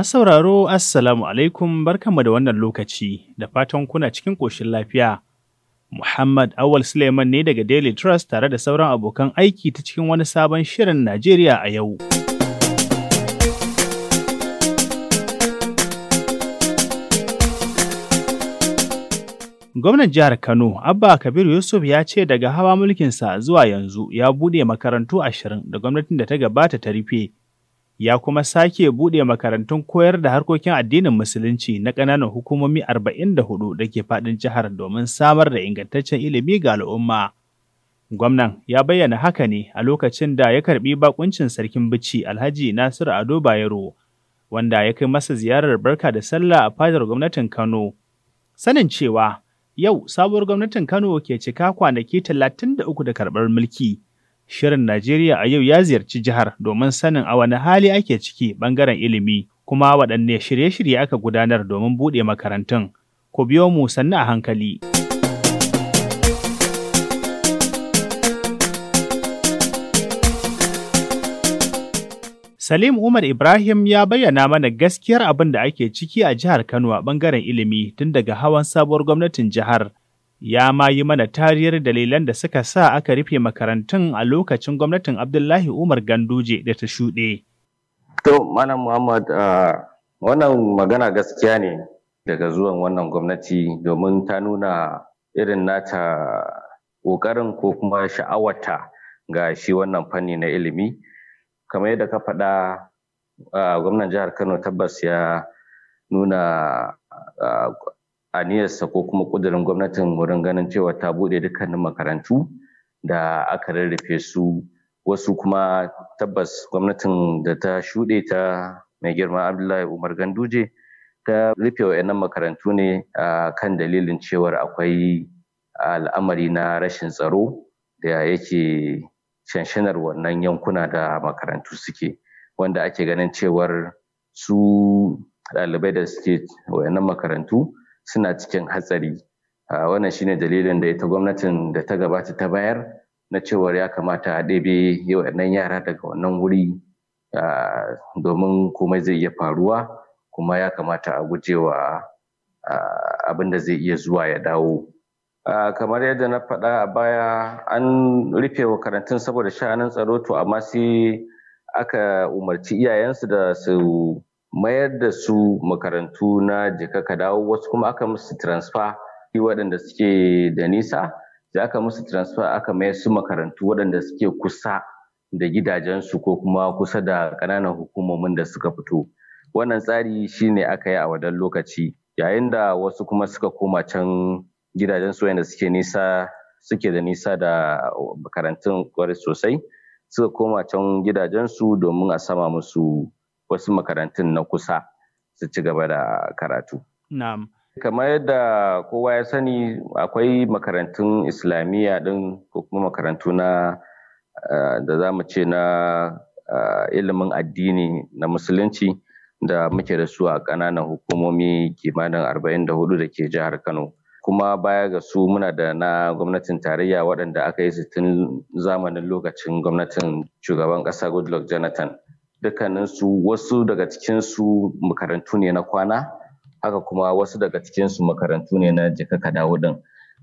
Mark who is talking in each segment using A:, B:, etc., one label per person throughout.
A: Masu sauraro, Assalamu alaikum bar da wannan lokaci, da fatan kuna cikin ƙoshin lafiya. Muhammad Awal Suleiman ne daga Daily Trust tare da sauran abokan aiki ta cikin wani sabon shirin Najeriya a yau. Gwamnan jihar Kano, Abba Kabir Yusuf ya ce daga hawa mulkinsa zuwa yanzu ya buɗe makarantu ashirin da gwamnatin da ta gabata ta rufe. ya kuma sake buɗe makarantun koyar da harkokin addinin musulunci na ƙananan hukumomi 44 da ke faɗin jihar domin samar da ingantaccen ilimi ga al'umma. Gwamnan ya bayyana haka ne a lokacin da ya karbi bakuncin sarkin bici Alhaji Nasiru Ado Bayero, wanda ya kai masa ziyarar barka da sallah a fadar gwamnatin Kano. Sanin cewa yau sabuwar gwamnatin Kano ke cika kwanaki talatin da uku da karɓar mulki, Shirin Najeriya a yau ya ziyarci jihar domin sanin a wani hali ake ciki ɓangaren ilimi kuma waɗanne shirye-shirye aka gudanar domin buɗe makarantun. Ku biyo mu sannu a hankali. Salim Umar Ibrahim ya bayyana mana gaskiyar abin da ake ciki a jihar Kano a ɓangaren ilimi tun daga hawan sabuwar gwamnatin jihar ya ma yi mana tariyar dalilan da suka sa aka rufe makarantun a lokacin gwamnatin Abdullahi Umar Ganduje da ta shuɗe.
B: To, Malam Muhammad, wannan magana gaskiya ne daga zuwan wannan gwamnati domin ta nuna irin nata ƙoƙarin ko kuma sha'awata ga shi wannan fanni na ilimi. Kamar yadda ka faɗa, gwamnan jihar Kano tabbas ya nuna aniyarsa ko kuma ƙudurin gwamnatin wurin ganin cewa ta buɗe dukkanin makarantu da aka rarrafe su wasu kuma tabbas gwamnatin da ta shuɗe ta mai girma abdullahi umar ganduje ta rufe wa'annan makarantu ne a kan dalilin cewar akwai al'amari na rashin tsaro da yake shanshanar wannan yankuna da makarantu suke wanda ake ganin cewar su ɗalibai da suke wa'annan makarantu suna cikin hatsari wannan shine dalilin da ita gwamnatin da ta gabata ta bayar na cewar ya kamata a ɗebe waɗannan yara daga wannan wuri domin komai zai iya faruwa kuma ya kamata a gujewa abin da zai iya zuwa ya dawo kamar yadda na faɗa a baya an rufe wa karantun saboda sha'anin tsaro to amma sai aka umarci iyayensu da su mayar da su makarantu na jika ka dawo wasu kuma aka musu transfer waɗanda suke da nisa da aka musu transfer aka mayar su makarantu waɗanda suke kusa da gidajensu ko kuma kusa da ƙananan hukumomin da suka fito wannan tsari shi ne aka yi a wadan lokaci yayin da wasu kuma suka koma can gidajensu wanda suke nisa suke da nisa da makarantun kwarai sosai suka koma can gidajensu domin a sama musu wasu makarantun na kusa su ci gaba da karatu. Na'am. Kamar yadda kowa ya sani akwai makarantun Islamiyya ɗin ko kuma makarantu na eh, da za mu ce na eh, ilimin addini na Musulunci da muke da su a ƙananan hukumomi kimanin 44 da ke jihar Kano. Kuma baya ga su muna da na gwamnatin tarayya waɗanda aka yi su tun zamanin lokacin gwamnatin shugaban ƙasa Goodluck Jonathan. dukkaninsu wasu daga cikinsu makarantu ne na kwana haka kuma wasu daga cikinsu makarantu ne na jika ka dawo din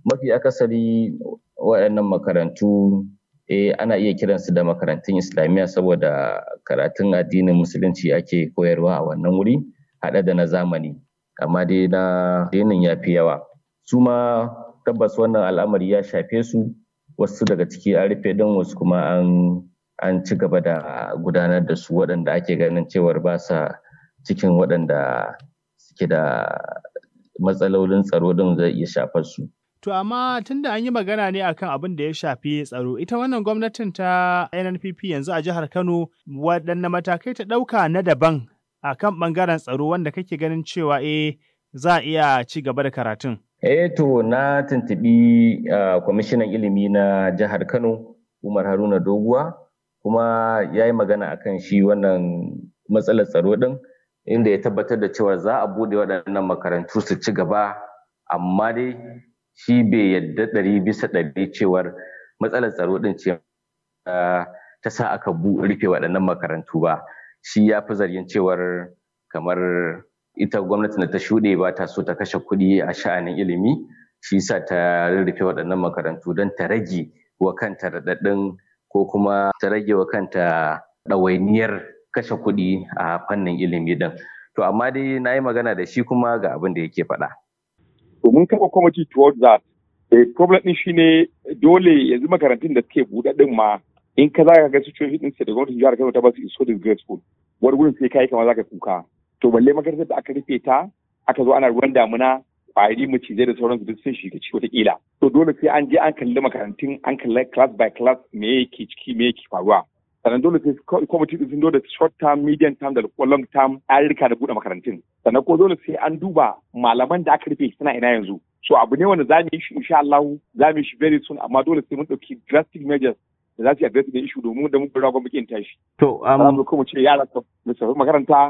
B: mafi akasari waɗannan makarantu eh ana iya kiransu da makarantun islamiyya saboda karatun addinin musulunci ake koyarwa a wannan wuri haɗe da na zamani amma dai na addinin ya fi yawa su ma tabbas wannan al'amari ya shafe su wasu daga ciki an rufe din wasu kuma an an ci gaba da gudanar da su waɗanda ake ganin cewar ba sa cikin waɗanda suke da matsalolin tsaro din zai iya shafar su.
A: To amma tunda an yi magana ne akan abin da ya shafi tsaro, ita wannan gwamnatin ta NNPP yanzu a jihar Kano waɗanne matakai ta ɗauka na daban a kan ɓangaren tsaro wanda kake ganin cewa e, za a iya ci gaba da karatun.
B: Eh to na tuntuɓi ah, kwamishinan ilimi na jihar Kano Umar Haruna Doguwa kuma ya yi magana akan shi wannan matsalar tsaro din inda ya tabbatar da cewa za a bude waɗannan makarantu su ci gaba amma dai shi bai yadda ɗari bisa ɗari cewar matsalar tsaro din ce ta sa aka rufe waɗannan makarantu ba shi ya fi zargin cewar kamar ita gwamnati na ta shuɗe ba ta so ta kashe kuɗi a sha'anin ilimi shi sa ta rufe waɗannan makarantu don ta rage wa kanta raɗaɗin ko kuma ta rage wa kanta ɗawainiyar kashe kuɗi a fannin ilimi ɗin To amma dai na yi magana da shi kuma ga abin da yake faɗa. To mun kafa kwamiti towards that. Eh, problem ɗin shi ne dole yanzu makarantun da suke buɗe
C: ɗin ma in ka za ka ga situation ɗin da gwamnatin jihar Kano ta ba su iso school. Wani gurin sai kai kamar za ka kuka. To balle makarantar da aka rufe ta aka zo ana ruwan damuna kwari macizai da sauransu duk sun shiga ciki wataƙila to dole sai an je an kalli makarantun an kalli class by class me yake ciki me yake faruwa sannan dole sai kwamiti sun dole da short term medium term da long term an rika da buɗe makarantun sannan ko dole sai an duba malaman da aka rufe suna ina yanzu so abu ne wanda za mu yi shi insha Allah za mu yi shi very soon amma dole sai mun ɗauki drastic measures da za su yi addressing da issue domin da mun bura gwamnati tashi to um kuma ce yara su makaranta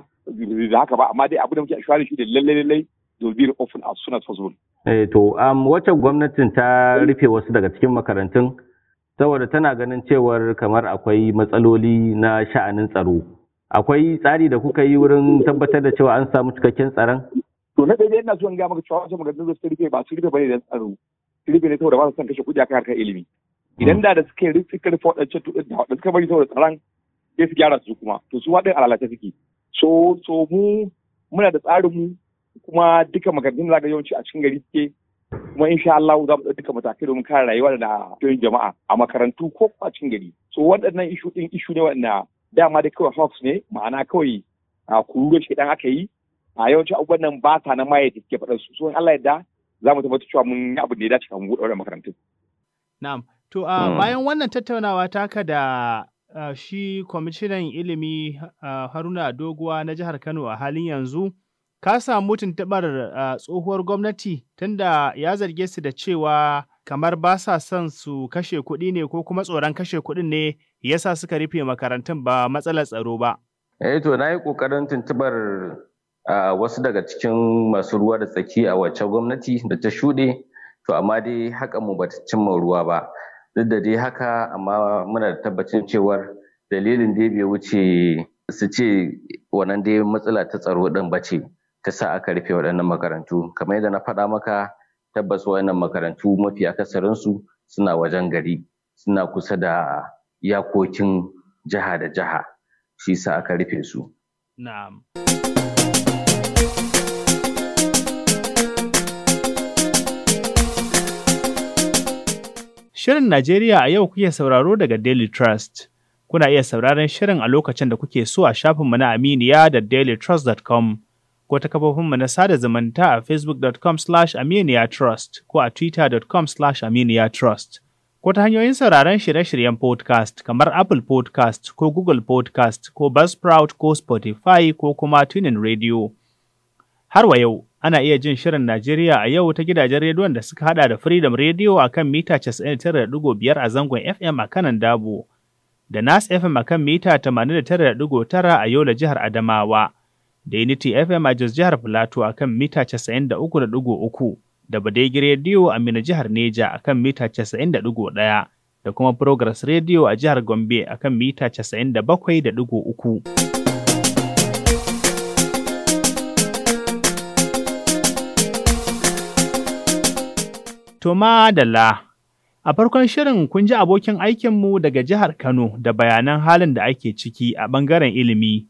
C: da haka ba amma dai abu da muke shawarar shi da lallai-lallai. will ofin a as soon
B: Eh to um, wacce gwamnatin ta rufe wasu daga cikin makarantun saboda tana ganin cewar kamar akwai matsaloli na sha'anin tsaro. Akwai tsari da kuka yi wurin tabbatar da cewa an samu cikakken tsaron?
C: To na daidai ina son in ga maka cewa wasu makarantun da suka rufe ba su rufe bane da tsaro. Su rufe ne saboda ba su san kashe kuɗi akan harkar ilimi. Idan da da suke rufe suka rufe waɗancan da suka bari saboda tsaron sai su gyara su kuma to su waɗin alalace suke. So so mu muna da tsarin mu kuma duka makarantun zaga yawanci a cikin gari suke kuma insha Allah za mu ɗauki duka matakai domin kare rayuwa da doyin jama'a a makarantu ko a cikin gari so waɗannan ishu ɗin ishu ne waɗanda dama da kawai hawks ne ma'ana kawai a da shi dan aka yi a yawanci abubuwan nan ba sa na maye da suke faɗan su so Allah da za mu tabbatar cewa mun yi abin da ya dace kafin buɗe wannan makarantun.
A: Na'am. To a hmm. bayan wannan tattaunawa taka da shi kwamishinan ilimi uh, Haruna Doguwa na jihar Kano a halin yanzu. ka samu tuntuɓar tsohuwar gwamnati tunda ya zarge su da cewa kamar ba sa son su kashe kuɗi ne ko kuma tsoron kashe
B: kuɗin ne ya sa suka rufe
A: makarantun ba matsalar tsaro ba.
B: Eh to na yi ƙoƙarin tuntuɓar wasu daga cikin masu ruwa da tsaki a wacce gwamnati da ta shuɗe to amma dai haka mu bata cimma ruwa ba duk da dai haka amma muna da tabbacin cewar dalilin da bai wuce su ce wannan dai matsala ta tsaro ɗin ba ce ta sa aka rufe waɗannan makarantu kamar yadda na faɗa maka tabbas waɗannan makarantu mafi akasarinsu suna wajen gari suna kusa da iyakokin jiha da jiha shi sa aka rufe su
A: na'am Shirin Najeriya a yau kuke sauraro daga Daily Trust. Kuna iya sauraron shirin a lokacin da kuke so a shafinmu na Aminiya da dailytrust.com. ko ta kafofinmu na sada zumunta a facebook.com slash aminiyatrust ko a twitter.com slash aminiyatrust ko ta hanyoyin sauraron shirye-shiryen podcast kamar Apple podcast ko Google podcast ko Buzzsprout ko Spotify ko kuma tunin Radio. Har wa yau, ana iya jin shirin Najeriya a yau ta gidajen rediyon da suka hada da Freedom Radio a kan mita 99.5 a zangon FM a kanan Dabo, da Nas FM a kan mita 89.9 a yau da jihar Adamawa, da Unity FM a Jos jihar Filato a kan mita 93.3 da Badegi Radio a Mina jihar Neja a kan mita 90.1 da kuma Progress Radio a jihar Gombe a kan mita 97.3. Toma Dalla A farkon shirin kun ji abokin aikinmu daga jihar Kano da bayanan halin da ake ciki a ɓangaren ilimi.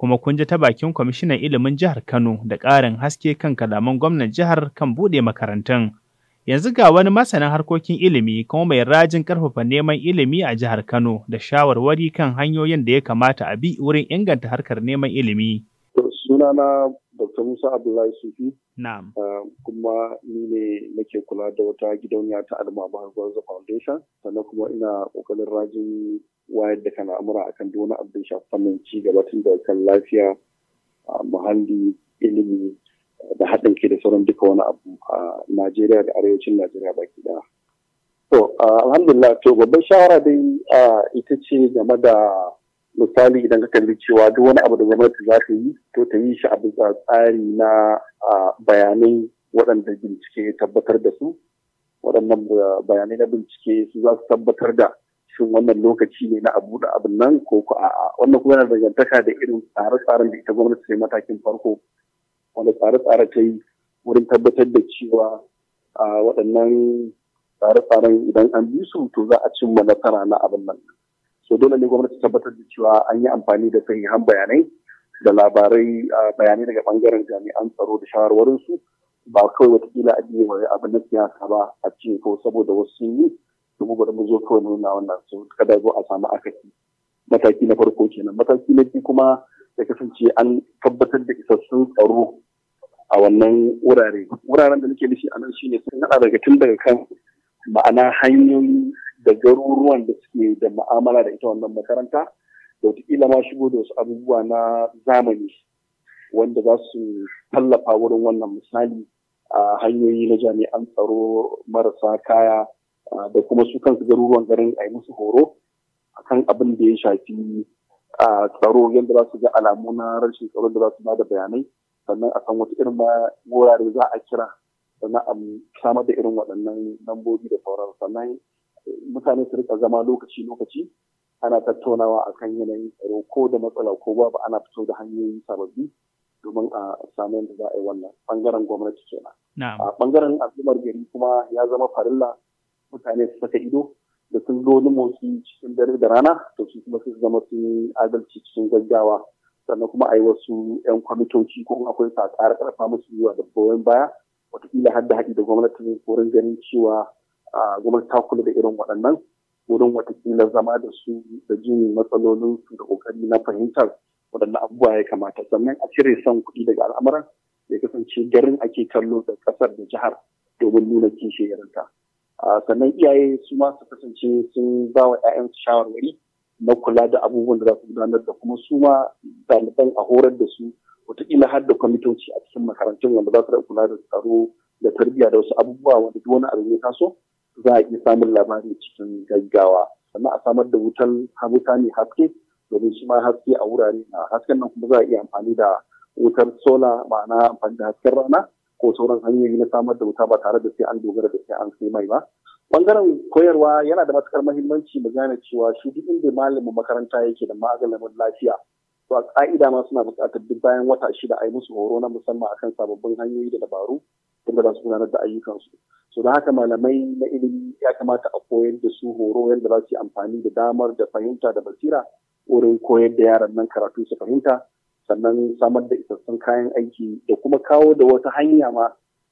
A: kuma kun ji ta bakin kwamishinan ilimin jihar Kano da ƙarin haske kan kalaman gwamnan jihar kan buɗe makarantun. Yanzu ga wani masanin harkokin ilimi kuma mai rajin ƙarfafa neman ilimi a jihar Kano da shawarwari kan hanyoyin da ya kamata a bi wurin inganta harkar neman ilimi.
D: Sunana Dr. Musa Abdullahi Sufi. Na'am. Ah, kuma ni ne nake kula da wata gidauniya ta Alma Bahar Foundation sannan kuma ina ƙoƙarin rajin wayar da kan al'amura akan duk wani abin shafi fannin ci gaba tun da kan lafiya muhalli ilimi da haɗin ke da sauran duka wani abu a Najeriya da arewacin Najeriya baki ɗaya. To alhamdulillah to babban shawara dai ita ce game da misali idan ka kalli cewa duk wani abu da gwamnati za ta yi to ta yi shi a bisa tsari na bayanai waɗanda bincike tabbatar da su waɗannan bayanai na bincike su za su tabbatar da shin wannan lokaci ne na abu da abin nan ko ku a'a wannan kuma yana dangantaka da irin tsare-tsaren da ita gwamnati ta matakin farko wanda tsare-tsare ta yi wurin tabbatar da cewa a waɗannan tsare-tsaren idan an bi su to za a cimma nasara na abin nan so dole ne gwamnati tabbatar da cewa an yi amfani da sahihan bayanai da labarai bayanai daga bangaren jami'an tsaro da shawarwarinsu ba kawai watakila a wa abin na siyasa ba a cikin ko saboda wasu sun yi mu bari mu zo kawai nuna wannan su kada zo a samu akaki mataki na farko kenan mataki na biyu kuma ya kasance an tabbatar da isassun tsaro a wannan wurare wuraren da nake nufi a nan shine sun hada daga tun daga kan ma'ana hanyoyi da garuruwan da suke da ma'amala da ita wannan makaranta da wataƙila ma shigo da wasu abubuwa na zamani wanda za su tallafa wurin wannan misali a hanyoyi na jami'an tsaro marasa kaya Ah, da kuma su kansu garuruwan garin a yi musu horo a kan abin da ya shafi ah, tsaro yadda za su ga alamu na rashin tsaro da za su ba da bayanai sannan a kan wata irin ma wurare za a kira sannan a samar da irin waɗannan lambobi da sauran sannan mutane su rika zama lokaci lokaci ana tattaunawa a kan yanayin tsaro ko da matsala ko babu ana fito da hanyoyi sababbi domin a samu yadda za a yi wannan bangaren gwamnati kenan. A bangaren ah, al'ummar gari kuma ya zama farilla mutane su saka ido da sun zo wani motsi cikin dare da rana to su kuma su zama sun adalci cikin gaggawa sannan kuma a yi wasu 'yan kwamitoci ko akwai sa ƙara karfa musu zuwa da goyon baya wataƙila har da haɗi da gwamnatin wurin ganin cewa gwamnati ta kula da irin waɗannan wurin watakila zama da su da jin matsalolin su da ƙoƙari na fahimtar waɗannan abubuwa ya kamata sannan a cire son kuɗi daga al'amuran ya kasance garin ake kallo da ƙasar da jihar domin nuna kishiyarta. sannan iyaye su ma su kasance sun ba wa 'ya'yansu shawarwari na kula da abubuwan da za su gudanar da kuma su ma ɗaliban a horar da su wataƙila har da kwamitoci a cikin makarantun wanda za su kula da tsaro da tarbiyya da wasu abubuwa wanda duk wani abu ya taso za a iya samun labari cikin gaggawa sannan a samar da wutar mutane ne haske domin shi ma haske a wurare na hasken nan kuma za a iya amfani da wutar sola ma'ana amfani da hasken rana ko sauran hanyoyi na samar da wuta ba tare da sai an dogara da sai an sai mai ba bangaren koyarwa yana da matukar mahimmanci mu gane cewa shi duk inda malamin makaranta yake da magalamin lafiya to a ƙa'ida ma suna buƙatar duk bayan wata shida a yi musu horo na musamman akan sababbin hanyoyi da dabaru inda za su gudanar da ayyukansu so da haka malamai na ilimi ya kamata a koyar da su horo yadda za su yi amfani da damar da fahimta da basira wurin koyar da yaran nan karatu su fahimta sannan samar da isassun kayan aiki da kuma kawo da wata hanya ma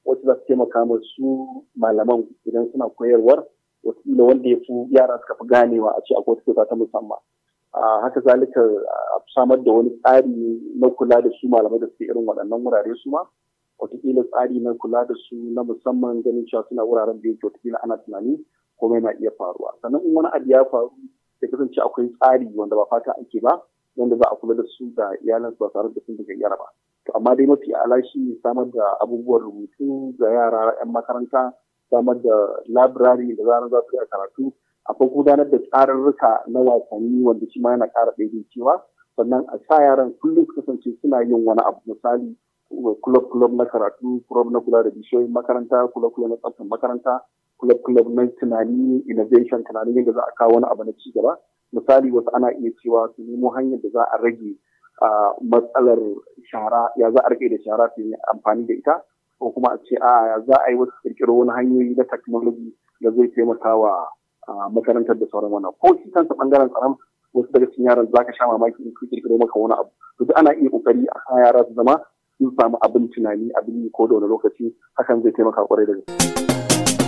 D: wacce za su taimaka su malaman idan suna koyarwar wakila wanda ya fi yara suka fi ganewa a ce akwai wata kyauta ta musamman haka zalika samar da wani tsari na kula da su malamai da suke irin waɗannan wurare su ma watakila tsari na kula da su na musamman ganin cewa suna wuraren da yake watakila ana tunani komai na iya faruwa sannan in wani abu ya faru ya kasance akwai tsari wanda ba fata ake ba wanda za a kula da su da iyalan su ba tare da sun daga gayyara ba to amma dai mafi ala shi samar da abubuwan rubutu ga yara yan makaranta samar da labirari da zaran za su yi karatu akwai gudanar da tsararruka na wasanni wanda shi ma yana ƙara ɗaiɗin cewa sannan a sa yaran kullum su kasance suna yin wani abu misali kulob kulob na karatu kulob na kula da bishiyoyin makaranta kulob kulob na tsaftar makaranta kulob kulob na tunani innovation tunanin yadda za a kawo wani abu na ci gaba misali wasu ana iya cewa su nemo hanyar da za a rage matsalar shara ya za a rage da shara su yi amfani da ita ko kuma a ce a za a yi wasu kirkiro wani hanyoyi na technology da zai taimaka wa makarantar da sauran wannan ko shi kansa bangaren tsaron wasu daga cikin yaran za ka sha mamaki in kirkiro maka wani abu to ana iya kokari a kan yara su zama sun samu abin tunani abin ko da wani lokaci hakan zai taimaka kwarai da gaske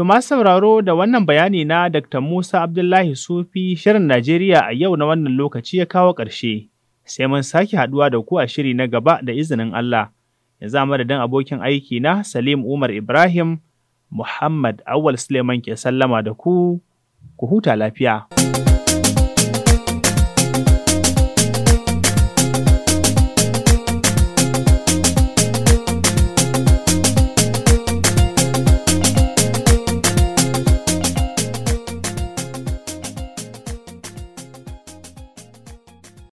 A: To masu sauraro da wannan bayani na Dr. Musa Abdullahi Sufi Shirin Najeriya a yau na wannan lokaci ya kawo ƙarshe, sai mun sake haɗuwa da ku a shiri na gaba da izinin Allah. Ya za madadin abokin aiki na Salim Umar Ibrahim, Muhammad Awal Suleiman ke sallama da ku, ku huta lafiya.